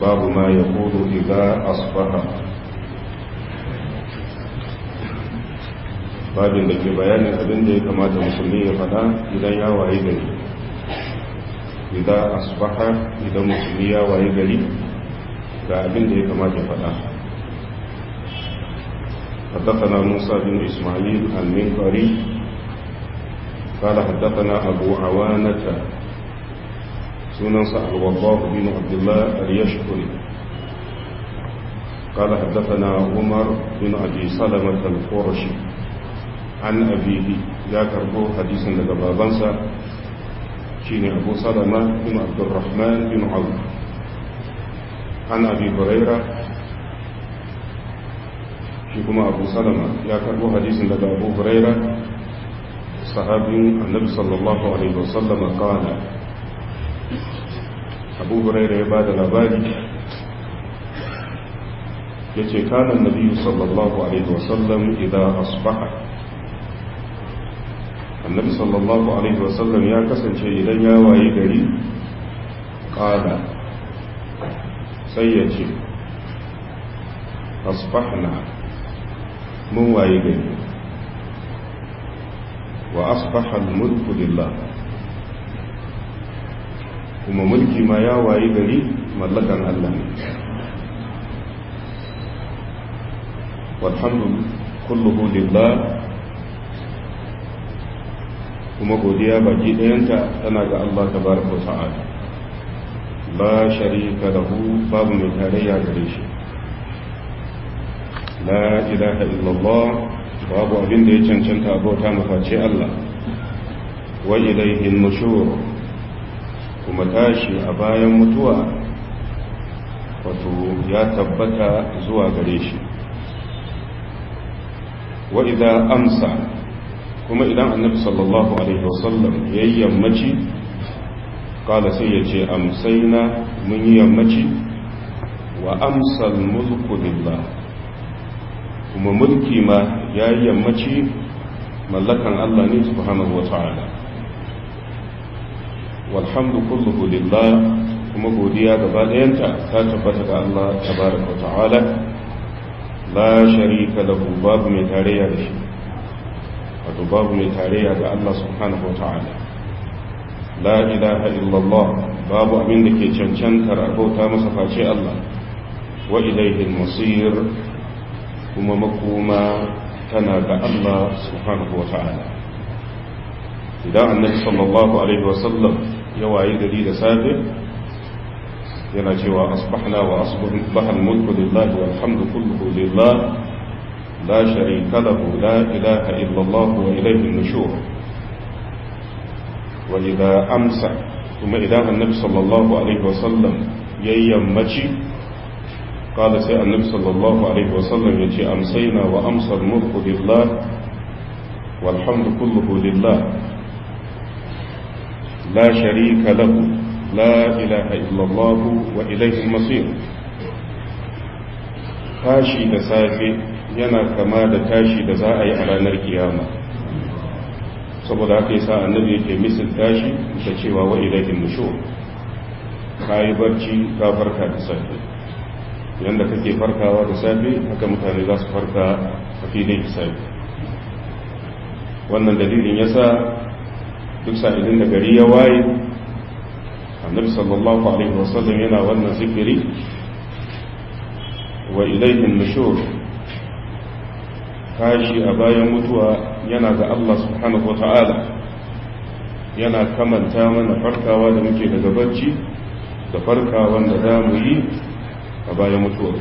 باب ما يقول إذا أصبح babin da ke bayanin abin ya kamata musulmi ya faɗa idan ya waye gari idan asbaha idan musulmi ya waye gari ga abin ya kamata ya faɗa حدثنا موسى بن إسماعيل المنقري قال حدثنا أبو عوانة سنة al-wabbaq بن عبد الله اليشكري قال حدثنا عمر بن أبي سلمة القرشي عن أبيه لا كربو حديثا لدى بابنسا شين أبو سلمة بن عبد الرحمن بن عوف عن أبي هريرة شيكما أبو سلمة لا كربو حديثا لدى أبو هريرة صحابي النبي صلى الله عليه وسلم قال abu huraira ya ba da labari ya ce kanan biyu sallallahu alaihi wasallam idan asbaha annabi sallallahu alaihi wasallam ya kasance idan ya waye gari ƙada sai ya ce asbahna mun waye gari wa asbahal mulku lillah kuma mulki ma ya wayi gari mallakan Allah ne walhamdu kulluhu lillah kuma godiya baki ɗayanta tana ga Allah tabaraka ko ta'ala la sharika lahu babu mai tarayya gare shi la ilaha illallah babu abin da ya cancanta ta mafaci Allah wa ilaihin nushur kuma tashi a bayan mutuwa wato ya tabbata zuwa gare shi wa idan amsa kuma idan annabi sallallahu alaihi wasallam ya yi yammaci kala sai ya ce amsaina mun yi yammaci wa amsal mulku lillah kuma mulki ma ya yi yammaci mallakan Allah ne subhanahu wa ta'ala walhamdu kulluhu lillah kuma godiya gaba ɗayanta ta tabbata ga Allah tabaraka ta'ala la sharika lahu babu mai tarayya da shi wato babu mai tarayya ga Allah subhanahu ta'ala la ilaha illallah babu abin da ke cancantar abauta masa face Allah wa ilaihi masir kuma makoma tana ga Allah subhanahu ta'ala idan annabi sallallahu alaihi sallam. يوعي دليل سابق ينا جوا أصبحنا وأصبح الملك لله والحمد كله لله لا شريك له لا إله إلا الله وإليه النشور وإذا أمسى ثم إذا النبي صلى الله عليه وسلم ييمتي قال سيء النبي صلى الله عليه وسلم يجي أمسينا وأمسى الملك لله والحمد كله لله لا شريك له لا إله إلا الله وإليه المصير tashi da safe yana kama da tashi da za a yi a ranar kiyama saboda haka yasa annabi yake misal tashi da cewa wa ilaihin nushur kayi barci ka farka da safe yanda kake farkawa da safe haka mutane za su farka a da safe wannan dalilin yasa duk sa'ilin da gari ya waye annabi sallallahu alaihi wasallam yana wannan zikiri wa ilaihin nushur Kashi a bayan mutuwa yana ga Allah subhanahu wata'ala yana kamanta mana farkawa da muke daga barci da farkawan da za mu yi a bayan mutuwa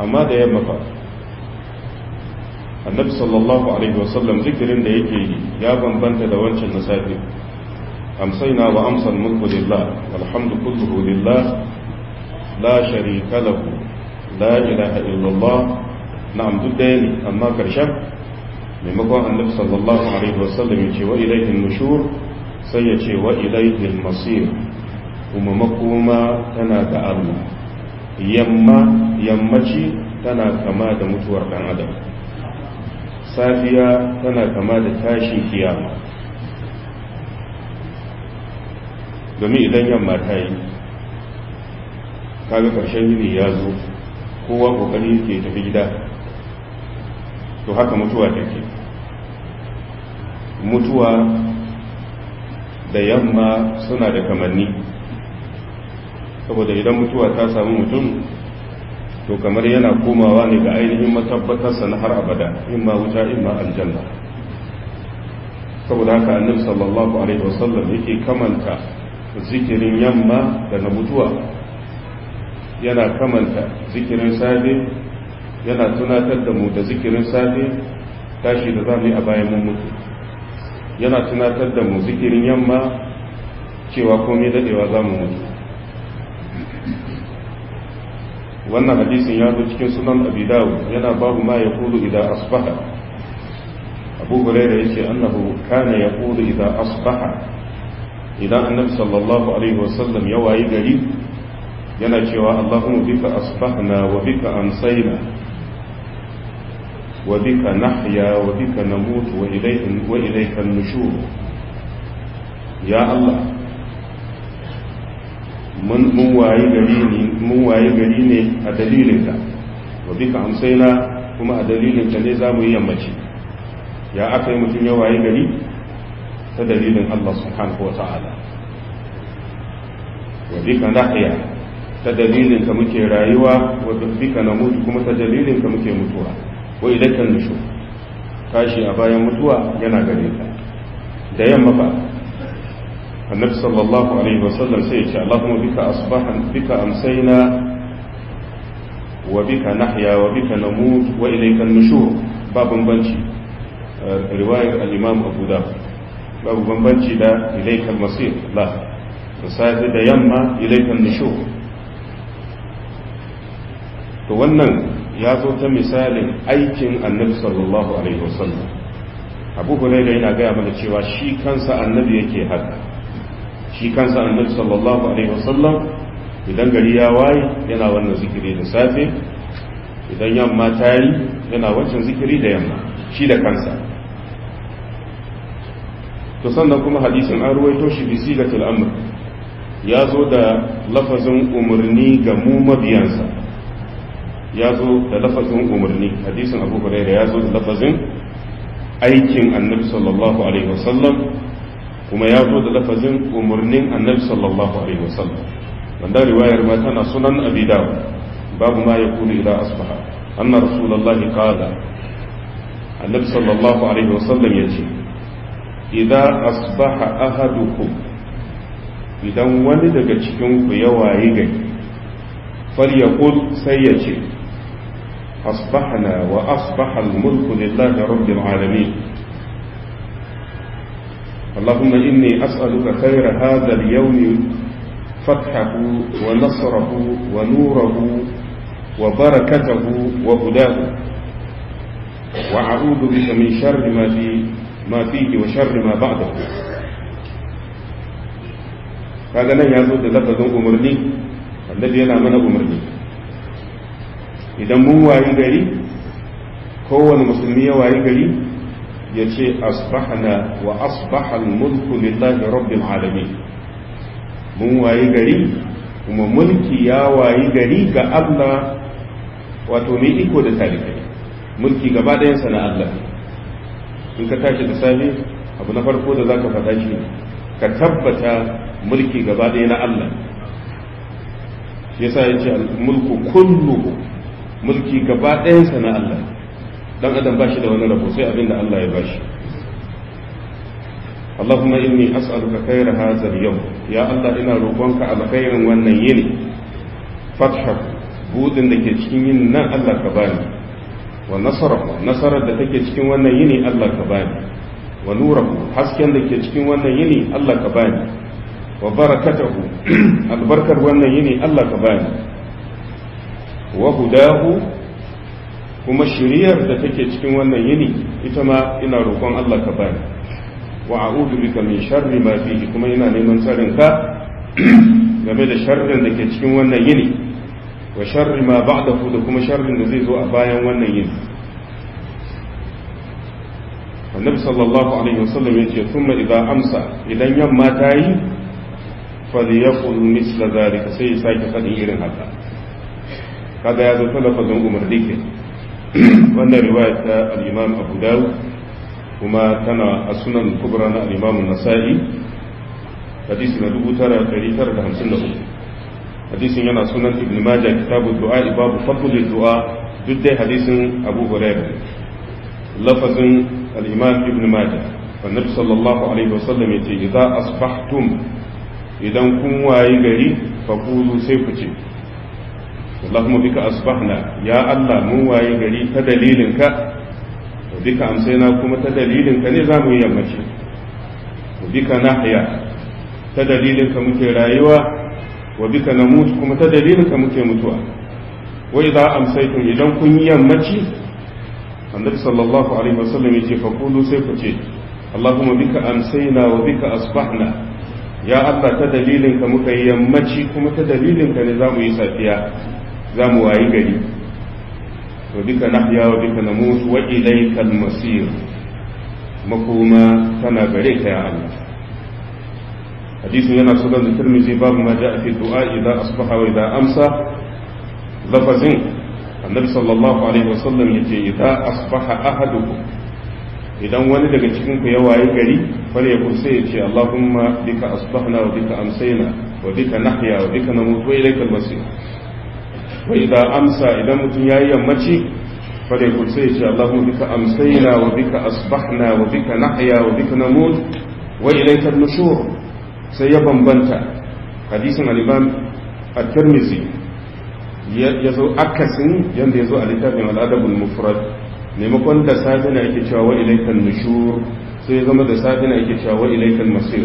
amma da yamma fa annabi sallallahu alaihi wasallam zikirin da yake yi ya bambanta da wancan na safe amsaina wa amsal mulku lillah alhamdu kulluhu lillah la sharika lahu la ilaha illallah na'am duk ɗaya ne amma karshen maimakon annabi sallallahu alaihi wasallam ya ce wa ilaihin nushur sai ya ce wa ilaihin masir kuma makoma tana da Allah yamma yammaci tana kama da mutuwar dan adam safiya tana kama da tashin kiyama domin idan yamma ta yi kaga ƙarshen yini ya zo kowa kokari ke tafi gida to haka mutuwa take mutuwa da yamma suna da kamanni saboda idan mutuwa ta samu mutum to kamar yana komawa ne ga ainihin matabbatarsa na har abada in ma wuta in ma aljanna saboda haka annabi sallallahu alaihi wasallam yake kamanta zikirin yamma da na mutuwa yana kamanta zikirin safe yana tunatar da mu da zikirin safe tashi da zamu yi a bayan mun mutu yana tunatar da mu zikirin yamma cewa komai dadewa zamu mutu wannan hadisin ya zo cikin sunan abi dawud yana babu ma ya kudu idan asbaha abu ya ce annabu kane ya kudu idan asbaha idan annabi sallallahu alaihi wasallam ya wayi gari yana cewa allahumma bika asbahna wa bika amsayna wa bika nahya wa bika namutu wa ilayka wa ilayka ya allah mun waye gari ne a wayi gari a ka wa bika kuma a dalilin ne ne mu yi yammaci ya aka yi mutum ya wayi gari ta dalilin Allah subhanahu wa ta'ala wa bika haya ta dalilin ka muke rayuwa wa bika mutu kuma ta dalilin ka muke mutuwa ko idan kan kashi tashi a bayan mutuwa yana gare ka da yamma ba annabi sallallahu alaihi wasallam sai ya ce Allahumma bika asbahan bika amsayna wa bika nahya wa bika namut wa ilayka nushur ba bambanci eh, riwayar al-imam Abu Dawud babu da ilayka al-masir la sai da yamma ilayka nushur to wannan ya zo ta misalin aikin annabi sallallahu alaihi wasallam abu hulaira yana gaya mana cewa shi kansa annabi yake haka shi kansa annabi sallallahu alaihi wasallam idan gari ya waye yana wannan zikiri da safe idan yamma ta yi yana wancan zikiri da yamma shi da kansa to sannan kuma hadisin an ruwaito shi bi sigatul amr ya zo da lafazin umarni ga mu mabiyansa ya zo da lafazin umarni hadisin abu hurairah ya zo da lafazin aikin annabi sallallahu alaihi wasallam kuma ya zo da lafazin umarnin annabi sallallahu alaihi wasallam wanda riwayar ma tana sunan abi dawud babu ma ya yaqulu ila asbaha anna rasulullahi qala annabi sallallahu alaihi wasallam yace idza asbaha ahadukum idan wani daga cikin ku ya waye gari falyaqul sai ya ce asbahna wa asbaha al-mulku lillahi rabbil alamin اللهم إني أسألك خير هذا اليوم فتحه ونصره ونوره وبركته وهداه وأعوذ بك من شر ما فيه, ما فيه وشر ما بعده هذا لن يزود لك ذو أمرني الذي أنا من أمرني إذا مو وعيد لي هو المسلمية لي ya ce asbahna wa asbahal mulku lillahi rabbil alamin mun wayi gari kuma mulki ya wayi gari ga Allah wato mai iko da tarihi mulki gaba ɗayansa na Allah in ka tashi da safe abu na farko da za ka faɗa shi ka tabbata mulki gaba ɗaya na Allah shi yasa ya ce mulku kullu mulki gaba ɗayansa na Allah dan adam ba shi da wani rabo sai abin da Allah ya bashi Allahumma inni as'aluka khayra hadha al-yawm ya Allah ina roƙonka alkhairin wannan yini fatha budin da ke cikin yin nan Allah ka bani wa nasara da take cikin wannan yini Allah ka bani wa hasken da ke cikin wannan yini Allah ka bani wa albarkar wannan yini Allah ka bani wa hudahu kuma shiriyar da take cikin wannan yini ita ma ina roƙon Allah ka bani wa a'udhu bika min sharri ma fihi kuma ina neman tsarin ka game da sharrin da ke cikin wannan yini wa sharri ma ba'dahu da kuma sharrin da zai zo a bayan wannan yini annabi sallallahu alaihi wasallam yace thumma idza amsa idan yamma tayi yi falyaqul misla zalika sai ya sake fadin irin haka kaga ya zo talafazin umarni kenan wannan riwaya ta al-imam abu dawud kuma tana a sunan kubra na al-imam nasa'i hadisi na dubu tara da 9953 hadisin yana sunan ibn majah kitabu du'a babu fadl du'a duk dai hadisin abu hurairah lafazin al-imam ibn majah annabi sallallahu alaihi wasallam yace idza asbahtum idan kun wayi gari fa faqulu sai ku ce Allahumma bika mun waye gari ta dalilin ka bika kuma ta dalilin ka ne zamu yi yammaci bika nahya ta dalilin muke rayuwa wa bika namut kuma ta dalilin muke mutuwa wai za amsaitum idan kun yi yammaci annabi sallallahu alaihi wasallam yace fa sai ku ce wa ta ka yammaci kuma ta dalilin safiya za mu wayi gari to duka nahya wa duka namutu wa ilaikal masir makoma tana gare ka ya Allah hadisin yana sunan da tirmizi babu ma ja'a fi du'a idza asbaha wa idza amsa lafazin annabi sallallahu alaihi wa wasallam yace idza asbaha ahadukum idan wani daga cikin ku ya wayi gari fare ya kusa ya ce Allahumma bika asbahna wa bika amsayna wa bika nahya wa bika namutu wa ilaikal masir wa idan amsa idan mutum ya yi yammaci fadai kun sai ce Allahumma bika amsayna wa bika asbahna wa bika nahya wa bika namut wa ilayka an sai ya bambanta hadisin al-Imam at-Tirmidhi ya zo akasin yanda ya zo a littafin al-Adab da safe na sai ya zama da safe na yake